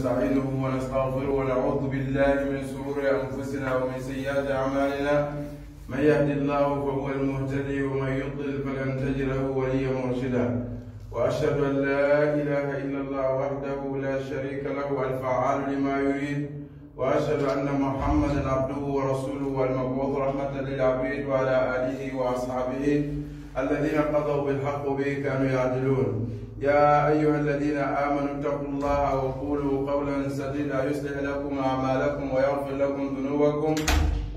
نستعينه ونستغفره ونعوذ بالله من شرور أنفسنا ومن سيئات أعمالنا من يهد الله فهو المهتدي ومن يضلل فلن تجد له وليا مرشدا وأشهد أن لا إله إلا الله وحده لا شريك له الفعال لما يريد وأشهد أن محمدا عبده ورسوله والمبعوث رحمة للعبيد وعلى آله وأصحابه الذين قضوا بالحق به كانوا يعدلون يا أيها الذين آمنوا اتقوا الله وقولوا قولا سديدا يصلح لكم أعمالكم ويغفر لكم ذنوبكم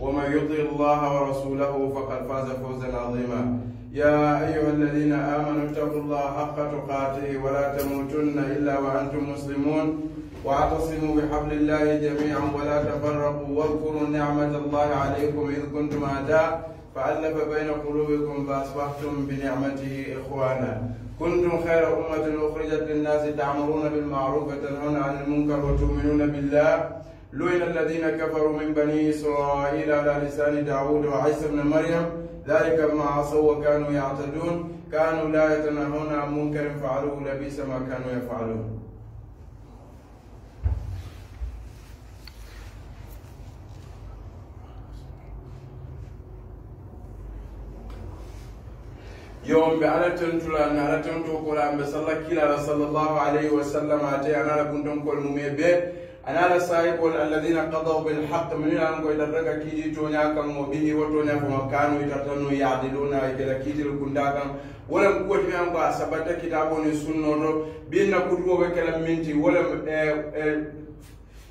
ومن يطع الله ورسوله فقد فاز فوزا عظيما يا أيها الذين آمنوا اتقوا الله حق تقاته ولا تموتن إلا وأنتم مسلمون واعتصموا بحبل الله جميعا ولا تفرقوا واذكروا نعمة الله عليكم إذ كنتم أعداء فألف بين قلوبكم فأصبحتم بنعمته إخوانا كنتم خير أمة أخرجت للناس تعمرون بالمعروف وتنهون عن المنكر وتؤمنون بالله لئن الذين كفروا من بني إسرائيل على لسان داود وعيسى بن مريم ذلك ما عصوا وكانوا يعتدون كانوا لا يتناهون عن منكر فعلوه لبئس ما كانوا يفعلون yombe ala tentula na ala tento kola ambe salla kilala sallallahu alayhi wa sallam ate anala kuntonkol mume be anala sahibol alladina qadaw bilhaq minila anko ita raga kiiji toña kan o bihi wo toña foma kanu itatanu yadiluna ikela kiitil kunda kan wolam kuwotime anko a sabata kitaboni sunnoto binna kutuboɓe kela minti wolam eh, eh,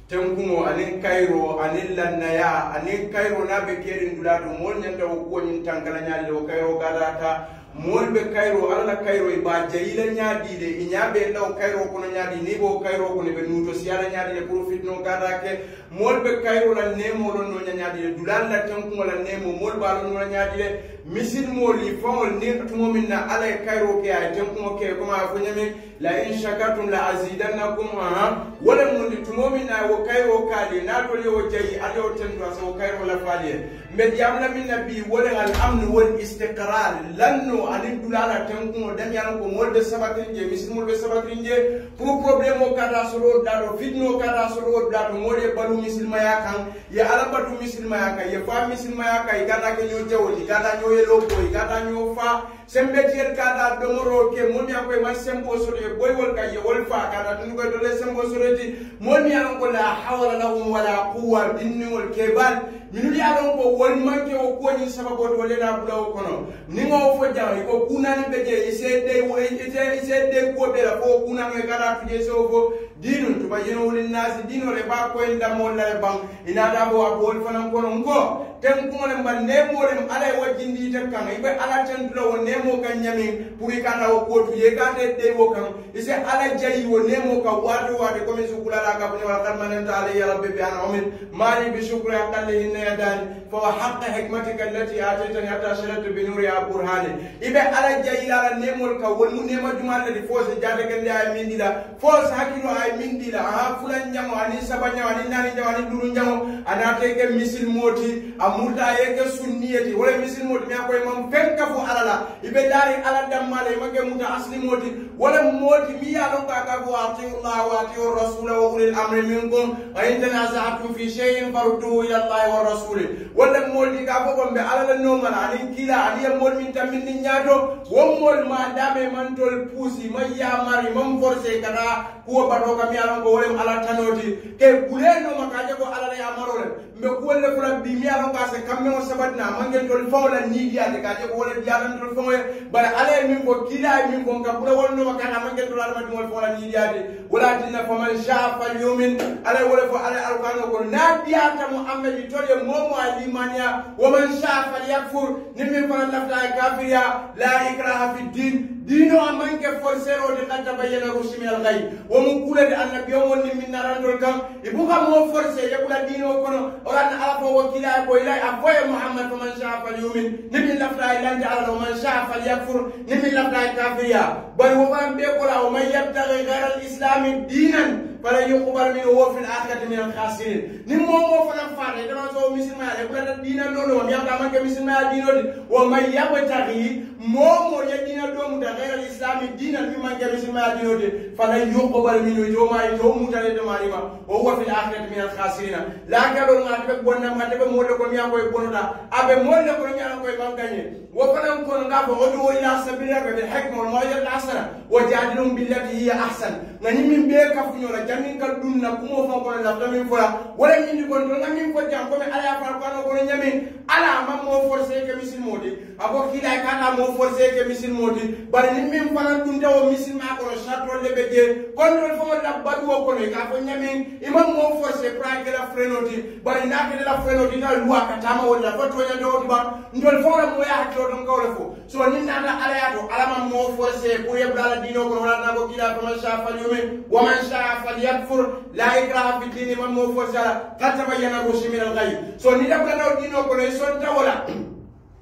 tenkumo anin kayro anin lannaya anin kayro na be kerin dula to mol nyanta wo ko nyin tankala nyaali o kayro gadata moolu be kayiroo alla la kayiroo i be a jayi la ñaadii le i ñaa be law kayiroo kono ñaadi ni i be wo kayiroo kono i be nuuto si alla ñaadi le pour fitinoo gaadaa ke moolu be kayiro la neemoolu noo ñañaadi le dulaalu la tenkuŋo la neemo moolu be a la noo la ñaadi le misilimoolu i faŋolu niŋ tumo miŋ na alla ye kayiro ke a ye tenkuŋo ke comme a fo ñamiŋ la in shakartum la azidannakum aha wo le mundi tumo miŋ na wo kayiro kaali naŋ tolu ye wo jayi ala ye wo tentu a se wo kayiro la faali ye mbe diyaamu la miŋ na bii wo le al amnu wal istiqrar lanno aniŋ dulaala tenkuŋo damiyaanu ko moolu be sabatiri je misilimolu be sabatiri je pour problème o kata soto dulaato fitino kata soto dulaato moolu ye balum misilmaya kan ya alabatu misilmaya kan ya fa misilmaya kan ya gata ke nyoo jawli gata nyoo yelo boy gata nyoo fa sembe tier kata domoro ke mon mi akoy ma sembo sore boy wol kay ya wol fa kata dun ko dole sembo sore ti mon mi ya alon ko la hawla lahum wala quwwa binni ya wol ke bal min li alon ko wol ma ke o ko ni sababu to le na bula o kono ni ngo fo jaw ko kunan be je ise de wo ise ise de ko be la fo kunan e kata fije so dinu tuma jeno wulin nasi dino re ba ko inda molla re bang ina da bo ten kuŋolem bari neemolem ala ye wo jindiyite kaŋ i ala tentula wo neemo kaŋ ñamiŋ pour i ka ta wo kootu ye ka ta dey wo kaŋ i ala jayi wo neemo kaŋ waato waati comme si kulala ka fune wala kadmananta ala ya rabbi bi anaumin maani bi shukri aqalli hinna yadani fa wa haqa hikmatika allati atitani hatta sharatu bi nuri ya burhani ibe be ala jayila ala neemol kaŋ wol mu neema jumal le di fo si jaatakende a ye miŋ di la fo si hakkilo a la aha fulan jaŋo aniŋ saba jaŋo aniŋ naani jaŋo duru jaŋo anaate ke misil mooti a mulda yenge sunniyeti wala misil modi mi akoy mam fenka fu alala ibe dari ala dammale magge muta asli modi wala modi mi ya don ka ka fu atiullah wa atiur rasul wa ulil amri minkum wa in tanaza'tum fi shay'in farudduhu ila allahi wa rasul wala modi ka fo gombe alala nomal ani kila ali modi min tammin ni nyaato won mol ma dame man tol pusi man ya mari man forcer kana ko badoka mi alon ko wala ala tanoti ke buleno makaje ko alala ya marole mbe kuwolle fula bi mi yalon ka se kammeŋo sabati na maŋ tol faŋo la niidiyate ka je ko wole diyatantol faŋo ye bari ala ye min fo kiila ye min fo nka bula wolu noma kana maŋ tol adamadiŋol faŋo la niidiyate wala tinna faman shaa falyumin ala ye wole fo ala ye alkuranŋo kono naa diyata mu amma ji tol ye moo mo a limaniya waman shaa falyakfur niŋ min fana lafita ye kafiriya la ikraha fi din دينو أمان كفرسيرو لقد تبين الرشد من الغي ومقولة أن بيوم من نران دولكم يبقى مو فرسي يقول دينو كنو أران ألف وكلا يقول أبوي محمد فمن شاء فليؤمن نمي لفلا إلا أنت على من شاء فليكفر نمي لفلا كافريا بل هو أن بيقول ومن يبتغي غير الإسلام دينا فلا يقبل منه هو في الآخرة من الخاسرين نمو مو فلان فارغ كما سو مسلم على كنا دينا نونو ومن يبقى من مسلم على دينا ومن يبتغي مومو يدينا دوم دا غير الإسلام دينا مما مسلم على دينا فلن يقبل منه يوما يوم متعلد مارما وهو في الآخرة من الخاسرين لا كبر ما تبقى بونا ما تبقى مولا كم يانكوي بونا أبي مولا كم يانكوي مانكاني وفلان كون غافو غدو إلى سبيل ربك بالحكمة والموعظة وجادلهم بالتي هي أحسن غني من بيرك فنيولا jamin kal ɗum na kumo fankolo lafta min fola wala ñindi kon to ngamin fo jam comme ala ya fal kano kono ñamin ala ma mo forcé ke misil moti abo kilay kata mo forcé ke misil moti bari ni min fana ɗum tawo misil ma kono chartol le ɓe je contrôle fo la baɗuwo kono ka fo ñamin imam mo forcé pra kela frenoti bari nakede la frenoti ta luwa ka tama wolla fo toñandewoɗi ba ndol fo la moya hakkilo ɗon kawle fo so ni nata ala ya to ala ma mo forcé pour yeɓɗa ala dino kono wala nago kila faman sha fal yumin waman sha fal yakfur la ikraha fi dini man mo fo sala qad tabayyana al-ghayb so ni dabla no dino ko ne son tawola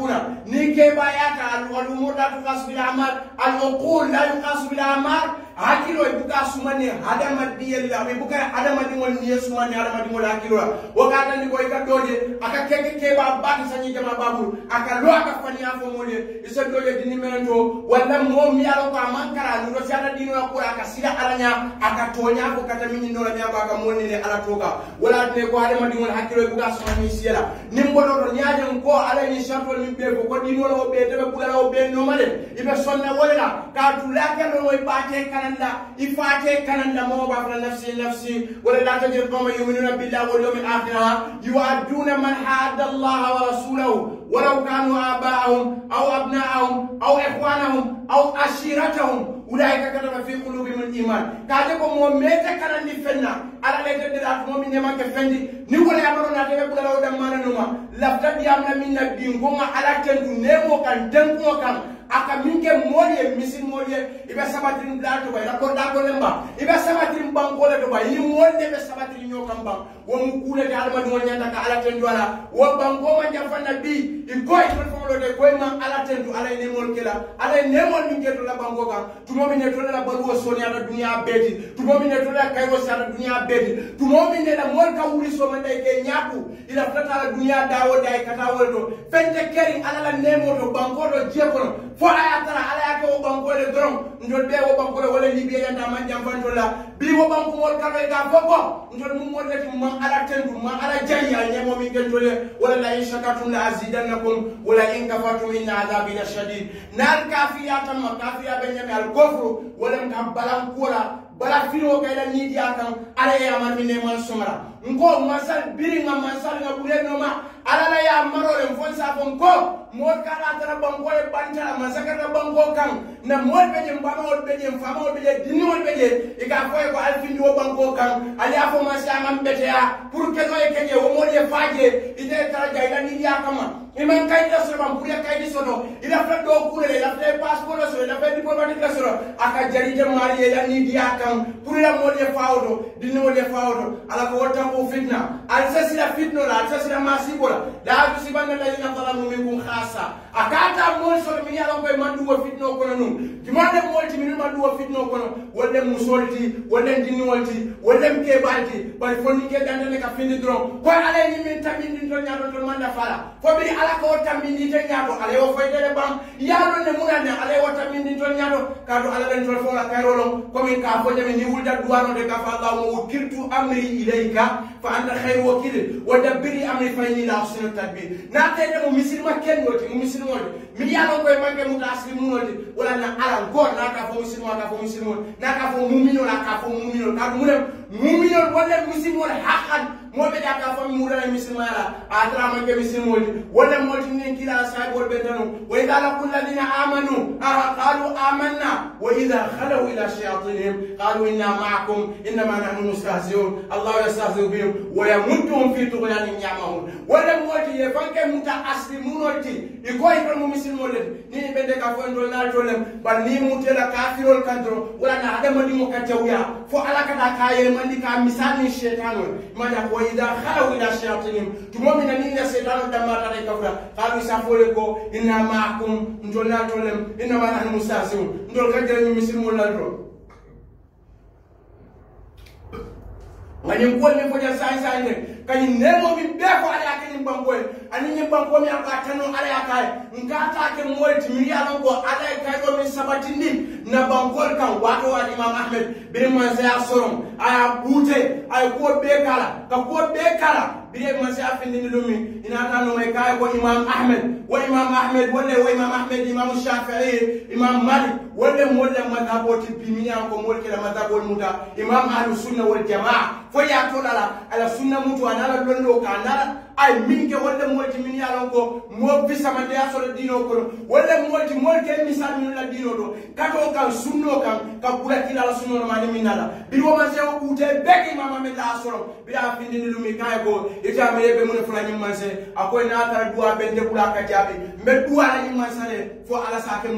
يقول نكي بياك على الأمور لا تقاس بالأعمال العقول لا يقاس بالأعمال hakilo ibuka buka sumani hadamadi yel la ibuka buka madi mo ye sumani madi mo la wo ka atandi ni i ka doje a ka keke keba baake sañi jama babulu a ka lo a ka faniya fo moolu ye i se doje dini menento walla moo mi ye a ko a ni kara nuto si ata diinoya ko a ka sila ala ɲa kata miŋ ñinno la miŋ a ko a ala to wala atine ko hadamadiŋol hakilo i buka sumani siye la niŋ ni niŋ a jeŋ ko ala ni sartol ni bee ko dini diino la wo bee tebe bugala wo bee nooma le i be sonna wo le la ka a tulaa kendo kana كندا إفاتي كندا هو بافنا نفسي نفسي ولا لا تجر قوم يؤمنون بالله واليوم الآخرة يوادون من حاد الله ورسوله ولو كانوا آباءهم أو أبناءهم أو إخوانهم أو أشيرتهم أولئك كتب في قلوبهم الإيمان كاتب مؤمنة كان فينا على ليت درات مؤمن ما كفندي نقول يا مرونا تبي كل لو دمارنا نما لفتت يامنا من الدين كما على تندو نمو كان تنكو كان minke moye misin moye ibe sabatrin bla to bay rakko da ko lemba ibe sabatrin banko le to bay yi wonde be sabatrin nyo kamba wo mu kule de alma do nyanda ka ala tendu ala wo banko ma jafanna bi i koy to fon lo de koy ma ala tendu ala ne mol kela ala ne mol minke to la banko ka tumo mi ne to la balu sonya na dunya beti tumo mi ne to la kayro sa na dunya beti tumo mi ne la mol ka wuri so ma dai ke nyaku ila tata la dunya dawo dai kata wol do fente keri ala la ne mol do banko do je ko fo ala ya tara ala ya ko bankole dron ndol be wo bankole wala ni be yanda man jam fan tola bi wo banko wol ka be ga foko ndol mum mo lati ma ala tendu ma ala janya ne mo min gentole wala la in shakatum la azidannakum wala in kafartum inna azabi lashadid nan kafiya tan ma kafiya be nyame al kofru wala ka balam kula bala firo kayla ni diakan ala ya man min ne man sumara ngo masal biri ma masal ngabure no ma alala ya marolen fon safon ko mo kala tara banko e banta bantala masakata banko kan na mo e be nyem ba mo e be nyem fa mo e be je dinni ol be je e ka ko e ko alfindi o banko kan ali afo ma sha ma be te ya pour que no e ke kenye o mol e faje ite tara na ni ya kama man kay kayita so ma buriya kayiti sɔrɔ i la fɛn dɔw kure la i la fɛn pasipɔrɔ sɔrɔ i la fɛn diplomatike sɔrɔ a ka jari je mari ye la ni di a kan la mo ye fa wo o dɔn mo ye fa wo do ala ko tanko fitna al sa si la la sira maasi ko la da ci ban la lay ñam dara mu mi akata moolu soto miŋ ye a loŋ koye maŋ duwo fitinoo kono nuŋ jumaŋ ne moolu ti minnu maŋ duwo fitinoo kono wolu le musoolu ti wolu le dinniŋolu ti ke danta ne ka findi doroŋ koye ala ye ñiŋ miŋ tambindinto ñaato tolu maŋ nafa la fo biri ala ka wo tambindinte ñaato ala ye wo fo itele baŋ ye a loŋ ne muŋ na ne ala ye wo tambindintolu ñaato ala len tolu fo la kayiro loŋ komiŋ kaa fo ñami niŋ wulita duwaanoo de ka fa allahuma wakiltu amri ilayka fa anta hayru wakil wa dabbiri amri fa la ahsinu tadbir naa tee demo misilima kennoo ti mu misilima Milya nou kwe manke mou ka asli moun wè di, wè la nan asli moun wè di. God na naka fo musilmol naka fo musilmol naka fo muminol aka fo muminol kadu munem muminol walla musilmol haqqan moɓe ɗa ka fami murana misilmala a tara manke misilmoli walla moltinen kila sahibol ɓe tanu wa ida laku lladina amanu aa qalu amanna wa ida halau ila shayatinihim qalu inna maakum innama nahnu mustahziun allahu yastahziu bihim wa yamudduhum fi tughyanin yamahun walla molti ye fanke muta asli munolti ikoy ton mu misilmol leti ni ɓende ka fo en dol nal tolem bar ni mu tela kafirol kadro wala na adamadiŋo ka jawuya fo ala kana ka yelemandi ka misani niŋ shetanol maya wa ida halaw ila shayatinihim tumo mina niŋ ila shetanol dammatara i kafura kalu isafo le ko inna maakum ntol naatolem innama nahnu mustahziun ntol ka jele ñiŋ misilimol la doro nga ñiŋ kuolu miŋ fo jaŋ saayiŋ saayiŋ ne ka ñiŋ neemoo miŋ bee ko ala ye a ke ñiŋ bankoo ye aniŋ ñiŋ bankoo miŋ a ko a tanoo ala ye a kaa ye a taa ke ti miŋ ye a loŋ ko ala ye kayitoo miŋ sabatindi na bankoolu kan waato waati imam ahmed biriŋ mansaya soroŋ a ye a buute a ye kuo bee kaa ka kuo bee kaa بيجي ما شاف إن لومي إن أنا نومي كاي إمام أحمد هو إمام أحمد ولا إمام أحمد إمام الشافعي إمام مالك ولا ولا مذهب وتبيمي أنكم ولا كلا مذهب مودا إمام أهل السنة والجماعة فيا تقول على على السنة مودو أنا لا لون لو كان ay minke wolle molti min yalon ko mo bisamande ya solo dino kono wolle molti molke mi salminu la dino do kato kan sunno kan ka kula kila la sunno ma min nala bi wo man se o kute beki mama mi la solo bi da findi ni lumi kay e ita mi be mun fula ni man se akoy na tar duwa be de kula ka jabi me duwa ni man fo ala sa